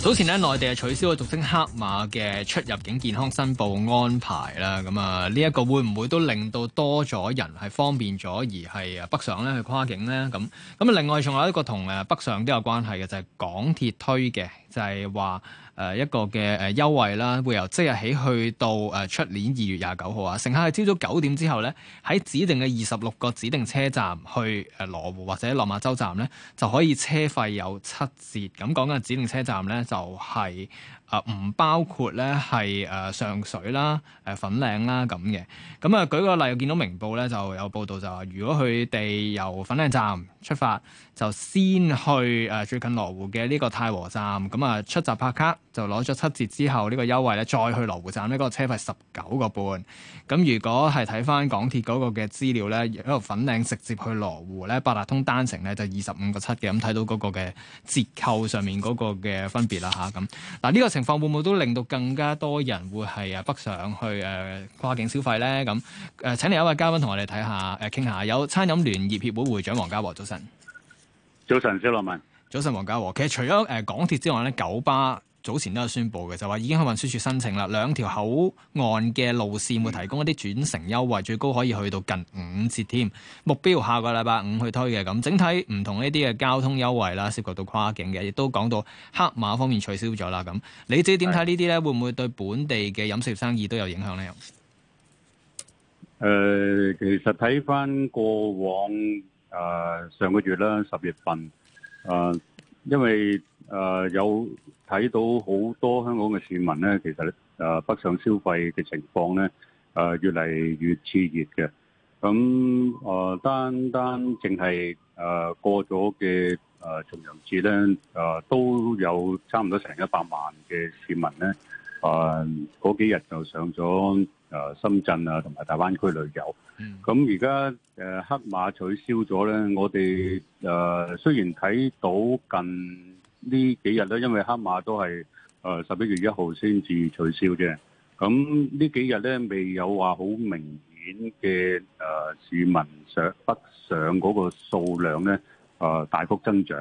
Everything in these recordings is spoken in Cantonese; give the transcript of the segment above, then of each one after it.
早前咧，內地係取消咗俗稱黑碼嘅出入境健康申報安排啦。咁啊，呢一個會唔會都令到多咗人係方便咗，而係北上咧去跨境咧？咁咁啊，另外仲有一個同北上都有關係嘅就係、是、港鐵推嘅。就係話誒一個嘅誒、呃、優惠啦，會由即日起去到誒出、呃、年二月廿九號啊，乘客係朝早九點之後咧，喺指定嘅二十六個指定車站去誒、呃、羅湖或者落馬洲站咧，就可以車費有七折。咁講緊指定車站咧，就係、是。啊，唔包括咧係誒上水啦、誒、呃、粉嶺啦咁嘅。咁啊，舉個例子，見到明報咧就有報道就話，如果佢哋由粉嶺站出發，就先去誒、呃、最近羅湖嘅呢個太和站，咁啊出閘拍卡就攞咗七折之後呢、這個優惠咧，再去羅湖站呢嗰、這個車費十九個半。咁、啊、如果係睇翻港鐵嗰個嘅資料咧，由粉嶺直接去羅湖咧八達通單程咧就二十五個七嘅，咁睇到嗰個嘅折扣上面嗰個嘅分別啦嚇咁。嗱、啊、呢、啊這個。情況會唔會都令到更加多人會係啊北上去誒、呃、跨境消費咧？咁誒、呃、請另一位嘉賓同我哋睇下誒傾、呃、下。有餐飲聯業協會會長黃家和，早晨。早晨，早晨，小羅文。早晨，黃家和。其實除咗誒、呃、港鐵之外咧，九巴。早前都有宣布嘅，就話已經向運輸署申請啦，兩條口岸嘅路線會提供一啲轉乘優惠，最高可以去到近五折添。目標下個禮拜五去推嘅咁，整體唔同呢啲嘅交通優惠啦，涉及到跨境嘅，亦都講到黑碼方面取消咗啦咁。你自己點睇呢啲呢？會唔會對本地嘅飲食生意都有影響呢？誒、呃，其實睇翻過往誒、呃、上個月啦，十月份誒、呃，因為。誒、呃、有睇到好多香港嘅市民咧，其實誒北上消費嘅情況咧，誒、呃、越嚟越熾熱嘅。咁誒、呃、單單淨係誒過咗嘅誒重陽節咧，誒、呃、都有差唔多成一百萬嘅市民咧，誒、呃、嗰幾日就上咗誒、呃、深圳啊同埋大灣區旅遊。咁而家誒黑碼取消咗咧，我哋誒、呃、雖然睇到近，呢幾日咧，因為黑碼都係誒十一月一號先至取消啫。咁呢幾日咧，未有話好明顯嘅誒市民上北上嗰個數量咧，誒大幅增長，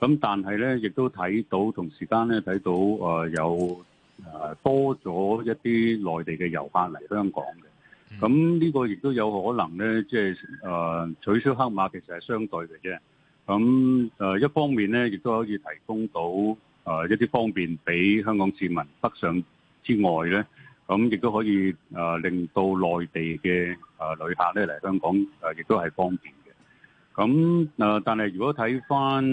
咁但係咧亦都睇到同時間咧睇到誒有誒多咗一啲內地嘅遊客嚟香港嘅，咁呢個亦都有可能咧，即係誒取消黑碼其實係相對嘅啫。咁誒一方面咧，亦都可以提供到誒一啲方便俾香港市民北上之外咧，咁亦都可以誒令到內地嘅誒旅客咧嚟香港誒，亦都係方便嘅。咁誒，但係如果睇返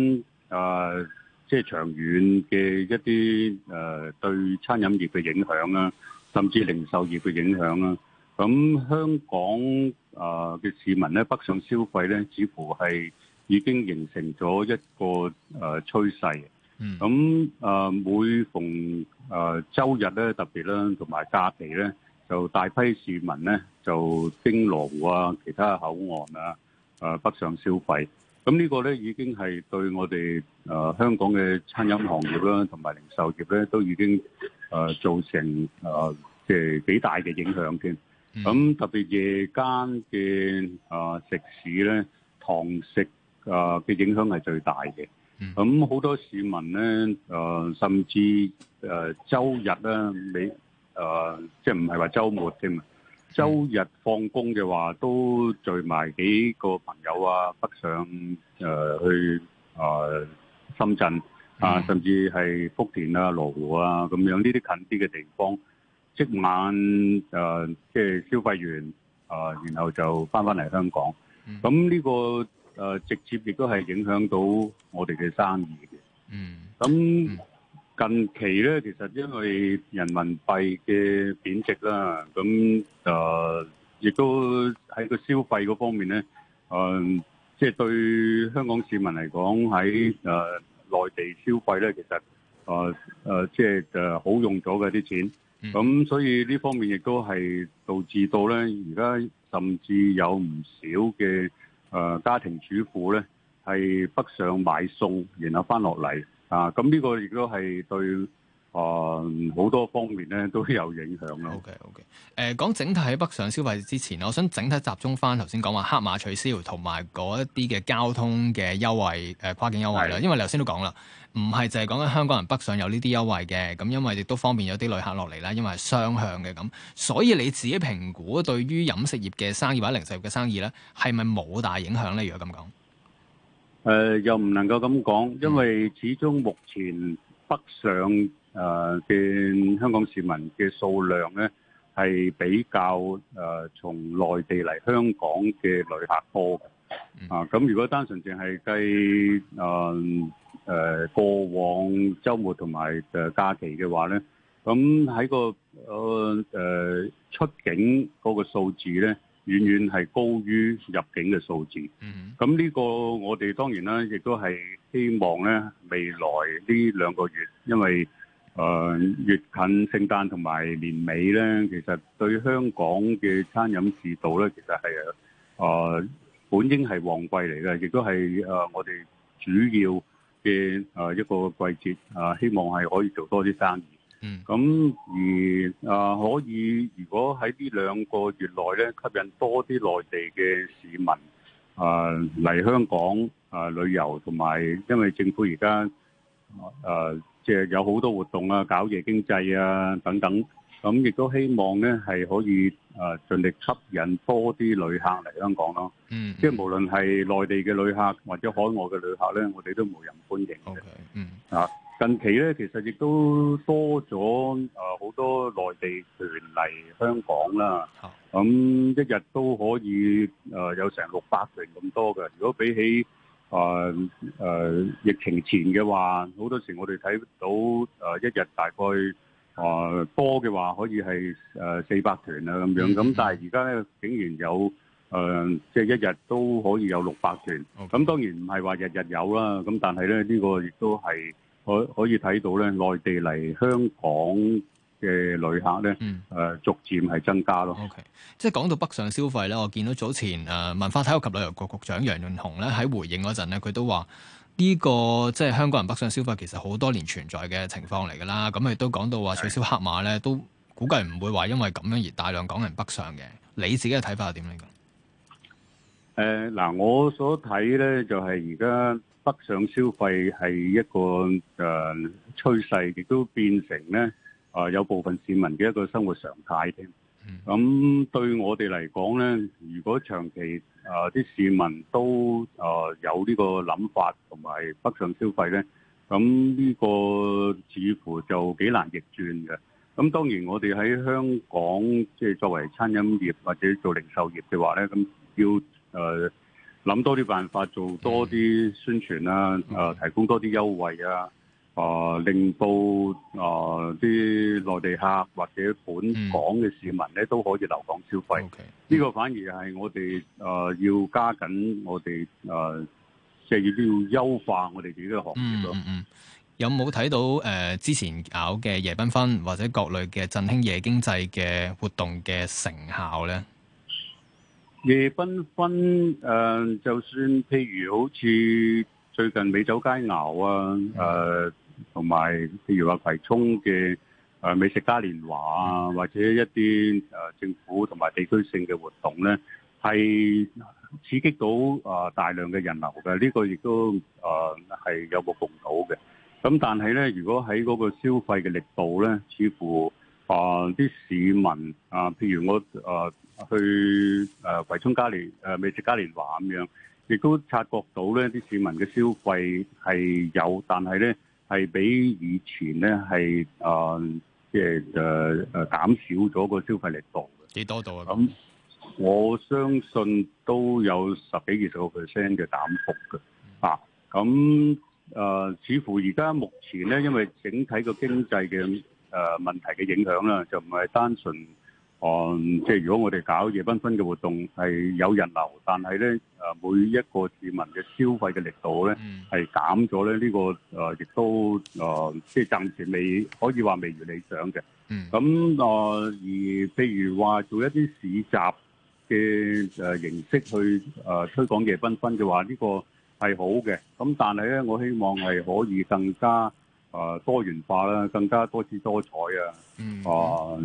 誒即係長遠嘅一啲誒、啊、對餐飲業嘅影響啦，甚至零售業嘅影響啦，咁香港誒嘅市民咧北上消費咧，似乎係，已經形成咗一個誒、呃、趨勢，咁誒、呃、每逢誒週、呃、日咧，特別咧同埋假期咧，就大批市民咧就經羅湖啊、其他口岸啊、誒、呃、北上消費。咁呢個咧已經係對我哋誒、呃、香港嘅餐飲行業啦、啊，同埋零售業咧，都已經誒、呃、造成誒即係幾大嘅影響嘅。咁特別夜間嘅誒、呃、食肆咧，堂食。啊嘅影響係最大嘅，咁、嗯、好、嗯、多市民咧，啊、呃、甚至誒週、呃、日咧、啊，你、呃、啊即係唔係話週末啫嘛？週、嗯、日放工嘅話，都聚埋幾個朋友啊，北上誒、呃、去啊、呃、深圳、嗯、啊，甚至係福田啊、羅湖啊，咁樣呢啲近啲嘅地方，即晚誒、呃、即係消費完啊、呃，然後就翻翻嚟香港，咁呢個。誒、呃、直接亦都係影響到我哋嘅生意嘅。嗯，咁近期咧，其實因為人民幣嘅貶值啦，咁誒亦都喺個消費嗰方面咧，誒即係對香港市民嚟講喺誒內地消費咧，其實誒誒即係誒好用咗嘅啲錢。咁所以呢方面亦都係導致到咧，而家甚至有唔少嘅。誒家庭主婦呢係北上買餸，然後翻落嚟啊！咁、這、呢個亦都係對。誒，好多方面咧都有影響咯。OK，OK。誒，講整體北上消費之前，我想整體集中翻頭先講話黑碼取消同埋嗰一啲嘅交通嘅優惠，誒、呃、跨境優惠啦。是的 因為你頭先都講啦，唔係就係講緊香港人北上有呢啲優惠嘅，咁因為亦都方便有啲旅客落嚟啦，因為係雙向嘅咁。所以你自己評估對於飲食業嘅生意或者零售業嘅生意咧，係咪冇大影響咧？如果咁講、呃，誒又唔能夠咁講，嗯、因為始終目前北上。誒見、呃、香港市民嘅數量咧，係比較誒、呃、從內地嚟香港嘅旅客多啊。咁如果單純淨係計誒誒過往，周末同埋誒假期嘅話咧，咁喺個誒誒、呃、出境嗰個數字咧，遠遠係高於入境嘅數字。嗯，咁呢個我哋當然啦，亦都係希望咧，未來呢兩個月，因為。誒、呃、越近聖誕同埋年尾呢，其實對香港嘅餐飲市道呢，其實係誒、呃、本應係旺季嚟嘅，亦都係誒、呃、我哋主要嘅誒、呃、一個季節。誒、呃、希望係可以做多啲生意。嗯。咁而誒、呃、可以，如果喺呢兩個月內呢，吸引多啲內地嘅市民誒嚟、呃嗯、香港誒、呃、旅遊，同埋因為政府而家誒。呃即係有好多活動啊，搞夜經濟啊等等，咁、嗯、亦都希望咧係可以盡力吸引多啲旅客嚟香港咯。嗯、mm，hmm. 即係無論係內地嘅旅客或者海外嘅旅客咧，我哋都冇人歡迎嘅。嗯、okay. mm，啊、hmm. 近期咧，其實亦都多咗好、呃、多內地團嚟香港啦，咁、嗯、一日都可以、呃、有成六百人咁多嘅。如果比起啊，誒、呃呃、疫情前嘅話，好多時我哋睇到誒、呃、一日大概誒、呃、多嘅話，可以係誒四百團啊咁樣。咁但係而家咧，竟然有誒即係一日都可以有六百團。咁 Okay. 當然唔係話日日有啦。咁但係咧，呢、呢個亦都係可可以睇到咧，內地嚟香港嘅旅客咧，誒、呃，逐漸係增加咯。O、okay. K，即係講到北上消費咧，我見到早前誒、呃、文化體育及旅遊局局長楊潤雄咧喺回應嗰陣咧，佢都話呢、這個即係香港人北上消費其實好多年存在嘅情況嚟噶啦。咁亦都講到話取消黑碼咧，都估計唔會話因為咁樣而大量港人北上嘅。你自己嘅睇法係點嚟嘅？誒，嗱，我所睇咧就係而家北上消費係一個誒、呃、趨勢，亦都變成咧。啊，有部分市民嘅一個生活常態添。咁對我哋嚟講呢，如果長期啊啲、呃、市民都啊有呢個諗法同埋北上消費呢，咁呢個似乎就幾難逆轉嘅。咁當然我哋喺香港，即係作為餐飲業或者做零售業嘅話呢，咁要誒諗、呃、多啲辦法，做多啲宣傳啦，誒、呃、提供多啲優惠啊。啊、呃！令到啊啲內地客或者本港嘅市民咧、嗯、都可以留港消費，呢 Okay, 個反而係我哋啊、呃、要加緊我哋啊，即、呃、係要優化我哋自己嘅行業咯、嗯嗯嗯。有冇睇到誒、呃、之前搞嘅夜繽紛或者各類嘅振興夜經濟嘅活動嘅成效咧？夜繽紛誒，就算譬如好似最近美酒佳餚啊、嗯呃同埋，譬如話葵涌嘅美食嘉年華啊，或者一啲政府同埋地區性嘅活動咧，係刺激到大量嘅人流嘅。呢個亦都係有目共睹嘅。咁但係咧，如果喺嗰個消費嘅力度咧，似乎啊啲市民啊，譬如我去誒葵涌嘉年誒美食嘉年華咁樣，亦都察覺到咧啲市民嘅消費係有，但係咧。係比以前咧，係啊，即係誒誒，減、呃呃、少咗個消費力度幾多度啊？咁那我相信都有十幾二十個 percent 嘅減幅嘅，嗯、啊！咁誒、呃，似乎而家目前咧，因為整體個經濟嘅誒、呃、問題嘅影響啦，就唔係單純。嗯，即係如果我哋搞夜繽紛嘅活動，係有人流，但係咧，誒每一個市民嘅消費嘅力度咧，係減咗咧，呢、這個誒亦都誒，即係暫時未可以話未如理想嘅。咁誒、mm. 嗯，而譬如話做一啲市集嘅誒、呃、形式去誒、呃、推廣夜繽紛嘅話，這個是嗯、是呢個係好嘅。咁但係咧，我希望係可以更加誒、呃、多元化啦，更加多姿多彩啊，誒、mm. 呃。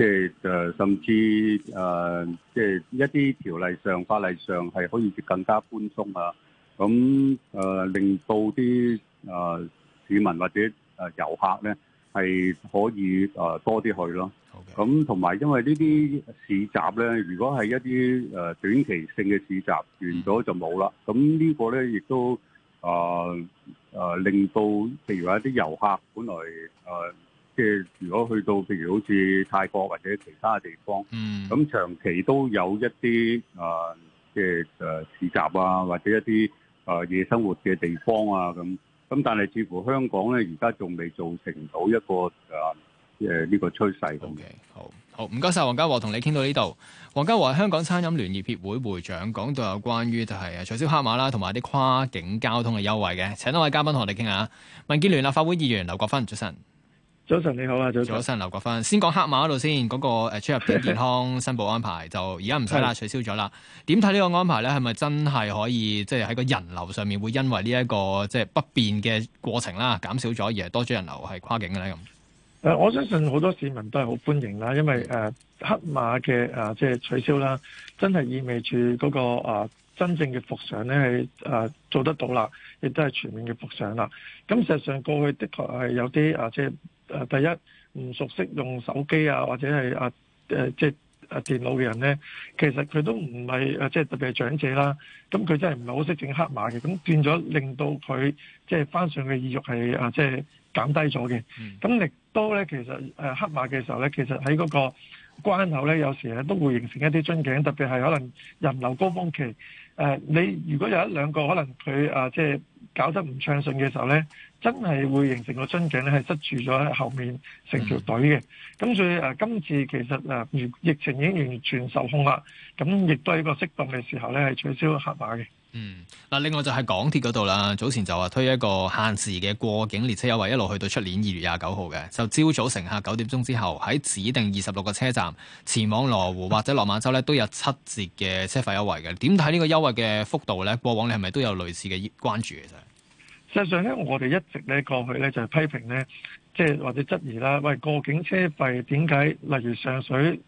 即係誒，甚至誒、呃，即係一啲條例上、法例上係可以更加寬鬆啊！咁誒、呃，令到啲誒、呃、市民或者誒遊客咧係可以誒、呃、多啲去咯。咁同埋，因為呢啲市集咧，如果係一啲誒短期性嘅市集，完咗就冇啦。咁呢個咧亦都誒誒、呃呃、令到，譬如話一啲遊客本來誒。呃即係如果去到，譬如好似泰國或者其他地方，咁、嗯、長期都有一啲啊、呃，即係誒市集啊，或者一啲啊、呃、夜生活嘅地方啊，咁咁。但係，似乎香港咧，而家仲未造成到一個啊誒呢個趨勢。Okay, 好嘅，好好唔該晒，黃家和你到這裡，同你傾到呢度。黃家和係香港餐飲聯業協會會,會長，講到有關於就係取消黑碼啦，同埋啲跨境交通嘅優惠嘅。請多位嘉賓同我哋傾下。民建聯立法會議員劉國勳早晨。早晨你好啊，早晨劉國勳，先講黑碼嗰度先，嗰、那個誒出入境健康申報安排就而家唔使啦，取消咗啦。點睇呢個安排咧？係咪真係可以即係喺個人流上面會因為呢一個即係不便嘅過程啦，減少咗而係多咗人流係跨境嘅咧？咁誒、呃，我相信好多市民都係好歡迎啦，因為誒、呃、黑碼嘅誒即係取消啦，真係意味住嗰、那個誒、呃、真正嘅復常咧係誒做得到啦，亦都係全面嘅復常啦。咁事實上過去的確係有啲誒、呃、即係。第一唔熟悉用手機啊，或者係啊誒即係啊，啊，啊電腦嘅人咧，其實佢都唔係啊，即係特別係長者啦。咁佢真係唔係好識整黑碼嘅，咁變咗令到佢即係翻上嘅意欲係啊，即係減低咗嘅。咁亦都咧，其實誒、啊、黑碼嘅時候咧，其實喺嗰個關口咧，有時咧都會形成一啲樽頸，特別係可能人流高峰期誒、啊。你如果有一兩個可能佢啊，即係搞得唔暢順嘅時候咧。真係會形成個樽頸咧，係塞住咗喺後面成條隊嘅。咁、嗯、所以今次其實疫情已經完全受控啦。咁亦都係一個適當嘅時候咧，係取消黑碼嘅。嗯，嗱，另外就係港鐵嗰度啦。早前就話推一個限時嘅過境列車優惠，一路去到出年二月廿九號嘅。就朝早乘客九點鐘之後，喺指定二十六個車站前往羅湖或者落馬洲咧，都有七折嘅車費優惠嘅。點睇呢個優惠嘅幅度咧？過往你係咪都有類似嘅關注其實？實際上咧，我哋一直咧過去咧就係批評咧，即係或者質疑啦。喂，過境車費點解？例如上水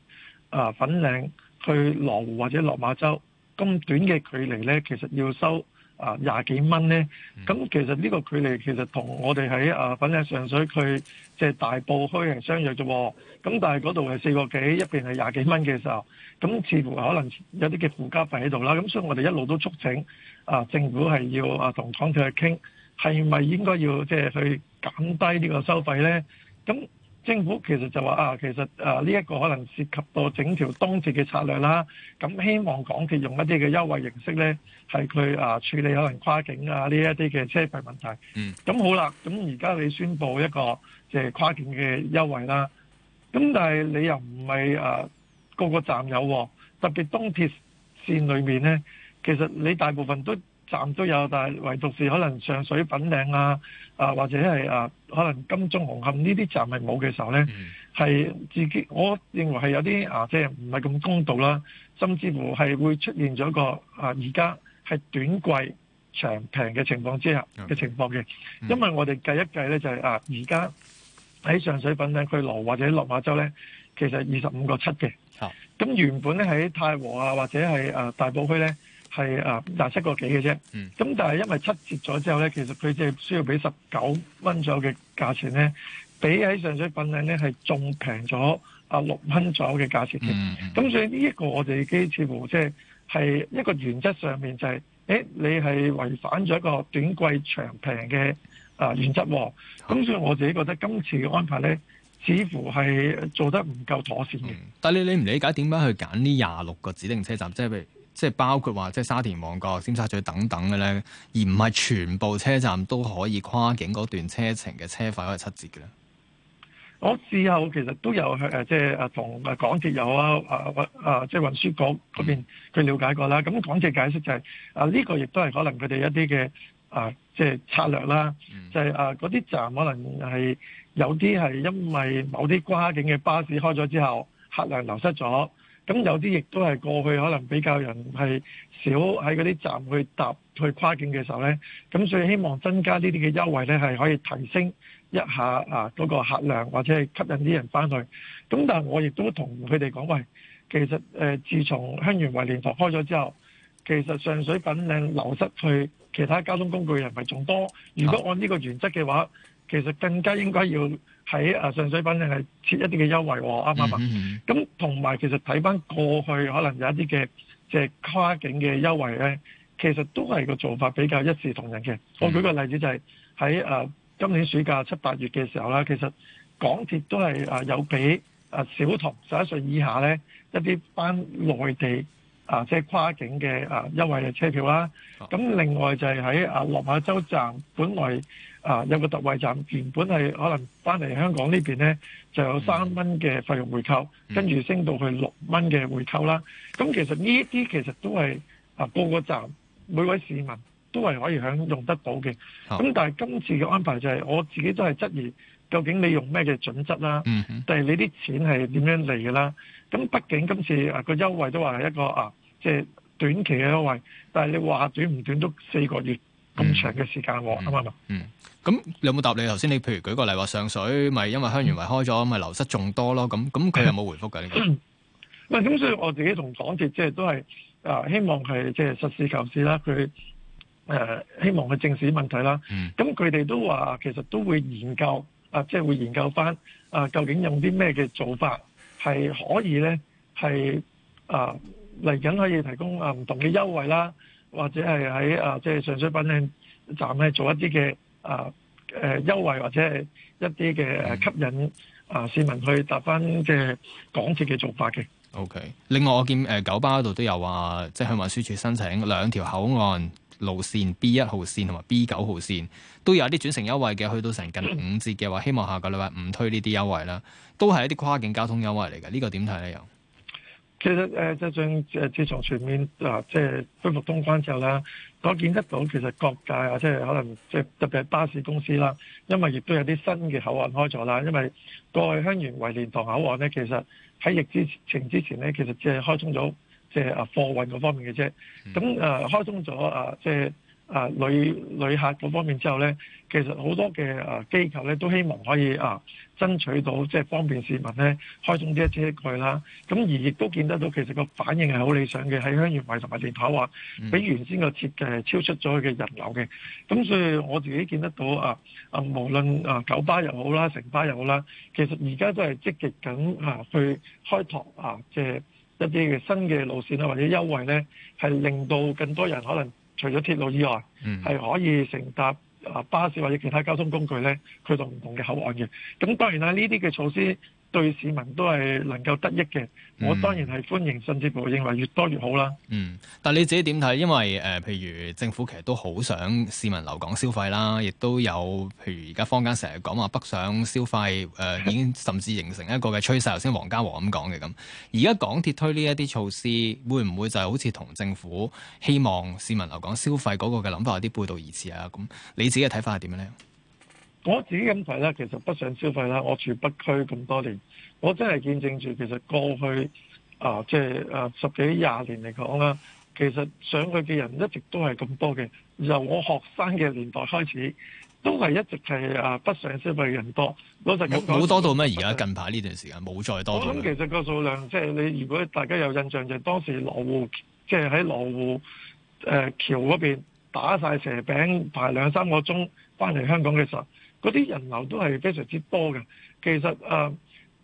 啊、呃、粉嶺去羅湖或者落馬洲咁短嘅距離咧，其實要收啊廿幾蚊咧。咁、嗯、其實呢個距離其實同我哋喺啊粉嶺上水去，即係大埔墟係相若啫。咁但係嗰度係四個幾，一邊係廿幾蚊嘅時候，咁似乎可能有啲嘅附加費喺度啦。咁所以我哋一路都促請啊政府係要啊同港鐵去傾。係咪應該要即係、就是、去減低呢個收費呢？咁政府其實就話啊，其實誒呢一個可能涉及到整條東鐵嘅策略啦。咁、啊、希望港鐵用一啲嘅優惠形式呢，係佢啊處理可能跨境啊呢一啲嘅車費問題。嗯。咁好啦，咁而家你宣布一個即係、就是、跨境嘅優惠啦。咁但係你又唔係誒個個站有、哦，特別東鐵線裏面呢，其實你大部分都。站都有，但係唯獨是可能上水粉嶺啊，啊、呃、或者係啊、呃，可能金鐘紅磡呢啲站係冇嘅時候呢，係、嗯、自己我認為係有啲啊、呃，即係唔係咁公道啦，甚至乎係會出現咗個啊，而家係短貴長平嘅情況之下嘅、嗯、情況嘅，因為我哋計一計呢，就係、是、啊，而家喺上水粉嶺去羅湖或者落馬洲呢，其實二十五個七嘅，咁、啊、原本呢，喺太和啊或者係、呃、大埔墟呢。係啊，廿七個幾嘅啫。咁、嗯、但係因為七折咗之後咧，其實佢即需要俾十九蚊左右嘅價錢咧，比喺上水粉嶺咧係仲平咗啊六蚊左右嘅價錢嘅。咁、嗯嗯、所以呢一個我哋已似乎即係係一個原則上面就係、是，誒、欸、你係違反咗一個短貴長平嘅啊原則啊。咁、嗯、所以我自己覺得今次嘅安排咧，似乎係做得唔夠妥善嘅、嗯。但你你唔理解點解去揀呢廿六個指定車站，即、就、係、是、譬如。即係包括話，即係沙田、旺角、尖沙咀等等嘅咧，而唔係全部車站都可以跨境嗰段車程嘅車費可以七折嘅咧。我事後其實都有誒，即係誒同誒港鐵有啊啊啊，即係運輸局嗰邊佢了解過啦。咁港鐵解釋就係啊，呢個亦都係可能佢哋一啲嘅啊，即係策略啦，就係啊嗰啲站可能係有啲係因為某啲跨境嘅巴士開咗之後，客量流失咗。咁有啲亦都係過去可能比較人係少喺嗰啲站去搭去跨境嘅時候呢。咁所以希望增加呢啲嘅優惠呢，係可以提升一下啊嗰個客量或者係吸引啲人返去。咁但我亦都同佢哋講話，其實自從香園圍蓮塘開咗之後，其實上水粉嶺流失去其他交通工具人咪仲多。如果按呢個原則嘅話，其實更加應該要喺上水反正係設一啲嘅優惠、哦，啱唔啱啊？咁同埋其實睇翻過去，可能有一啲嘅即係跨境嘅優惠咧，其實都係個做法比較一視同仁嘅。我舉個例子就係、是、喺、呃、今年暑假七八月嘅時候啦，其實港鐵都係、呃、有俾、呃、小童十一歲以下咧一啲班內地。啊，即、就、係、是、跨境嘅啊優惠嘅車票啦。咁、啊、另外就係喺啊，落馬洲站本來啊有個特惠站，原本係可能翻嚟香港呢邊呢就有三蚊嘅費用回扣，嗯、跟住升到去六蚊嘅回扣啦。咁、嗯、其實呢一啲其實都係啊，個個站每位市民都係可以享用得到嘅。咁、啊、但係今次嘅安排就係、是、我自己都係質疑。究竟你用咩嘅準則啦？嗯哼，但係你啲錢係點樣嚟嘅啦？咁畢竟今次啊個優惠都話係一個啊，即係短期嘅優惠，但係你話短唔短都四個月咁長嘅時間喎，啱唔啱啊？吧嗯，咁有冇答你頭先？你譬如舉個例話上水，咪因為香園圍開咗，咪流失仲多咯？咁咁佢有冇回覆㗎？喂、嗯，咁所以我自己同港鐵即係都係啊，希望係即係實事求是啦。佢誒、啊、希望係正視問題啦。咁佢哋都話其實都會研究。啊，即、就、係、是、會研究翻啊，究竟用啲咩嘅做法係可以咧，係啊嚟緊可以提供啊唔同嘅優惠啦，或者係喺啊即係、就是、上水品興站咧做一啲嘅啊誒、呃、優惠或者係一啲嘅吸引、嗯、啊市民去搭翻嘅港鐵嘅做法嘅。OK，另外我見誒、呃、九巴嗰度都有話，即係向運輸署申請兩條口岸。路線 B 一號線同埋 B 九號線都有啲轉乘優惠嘅，去到成近五折嘅話，希望下個禮拜唔推呢啲優惠啦，都係一啲跨境交通優惠嚟嘅。呢個點睇咧？又其實誒，就、呃、從自從全面嗱、呃、即係恢復通關之後啦，我見得到其實各界啊，即係可能即係特別係巴士公司啦，因為亦都有啲新嘅口岸開咗啦，因為過去香園圍蓮塘口岸呢，其實喺疫情之前之前呢，其實只係開通咗。即係啊，貨運嗰方面嘅車，咁啊開通咗啊，即係啊旅旅客嗰方面之後咧，其實好多嘅啊機構咧都希望可以啊爭取到即係方便市民咧開通啲車去啦。咁而亦都見得到，其實個反應係好理想嘅，喺香園圍同埋蓮塘話，比原先個設計係超出咗佢嘅人流嘅。咁所以我自己見得到啊啊，無論啊九巴又好啦，城巴又好啦，其實而家都係積極噉啊去開拓啊即一啲嘅新嘅路線啊，或者優惠咧，係令到更多人可能除咗鐵路以外，係可以乘搭啊巴士或者其他交通工具咧，去到唔同嘅口岸嘅。咁當然啦，呢啲嘅措施，對市民都係能夠得益嘅，我當然係歡迎。嗯、甚至乎認為越多越好啦。嗯，但你自己點睇？因為誒、呃，譬如政府其實都好想市民留港消費啦，亦都有譬如而家坊間成日講話北上消費誒、呃，已經甚至形成一個嘅趨勢。頭先 黃家和咁講嘅咁，而家港鐵推呢一啲措施，會唔會就係好似同政府希望市民留港消費嗰個嘅諗法有啲背道而馳啊？咁你自己嘅睇法係點樣咧？我自己咁睇啦，其實北上消費啦，我住北區咁多年，我真係見證住其實過去啊，即係十幾廿年嚟講啦，其實上去嘅人一直都係咁多嘅。由我學生嘅年代開始，都係一直係啊北上消費嘅人多。老實講冇多到咩？而家近排呢段時間冇再多。咁其實個數量即係你，如果大家有印象就係、當時羅湖，即係喺羅湖、呃、橋嗰邊打晒蛇餅排兩三個鐘翻嚟香港嘅時候。嗰啲人流都係非常之多嘅，其實誒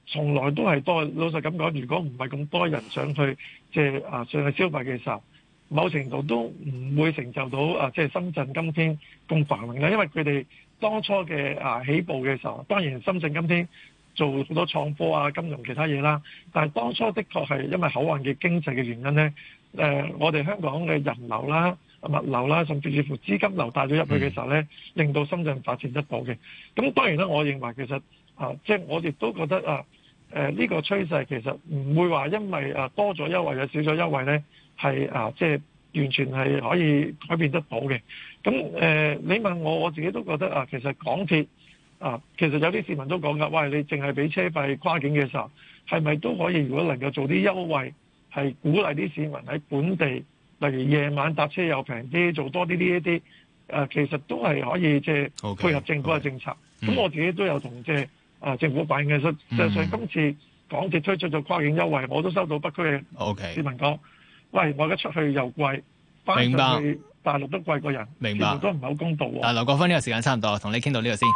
從來都係多。老實咁講，如果唔係咁多人上去即係啊上去消費嘅時候，某程度都唔會成就到啊即係深圳今天咁繁榮啦。因為佢哋當初嘅啊起步嘅時候，當然深圳今天做好多創科啊、金融其他嘢啦，但係當初的確係因為口岸嘅經濟嘅原因咧，誒我哋香港嘅人流啦。物流啦，甚至乎資金流帶咗入去嘅時候呢，令到深圳發展得到嘅。咁當然啦，我認為其實啊，即係我亦都覺得啊，誒呢個趨勢其實唔會話因為啊多咗優惠或少咗優惠呢係啊即係完全係可以改變得到嘅。咁誒，你問我我自己都覺得啊，其實港鐵啊，其實有啲市民都講噶，喂，你淨係俾車費跨境嘅時候，係咪都可以？如果能夠做啲優惠，係鼓勵啲市民喺本地。例如夜晚搭車又平啲，做多啲呢一啲、呃，其實都係可以即係配合政府嘅政策。咁 Okay, okay.、嗯、我自己都有同即係政府反映嘅，所以今次港鐵推出咗跨境優惠，我都收到北區嘅市民講，Okay. 喂，我而家出去又貴，翻上去，去大陸都貴過人，明白，都唔係好公道。嗱，劉國勳呢個時間差唔多，同你傾到呢度先。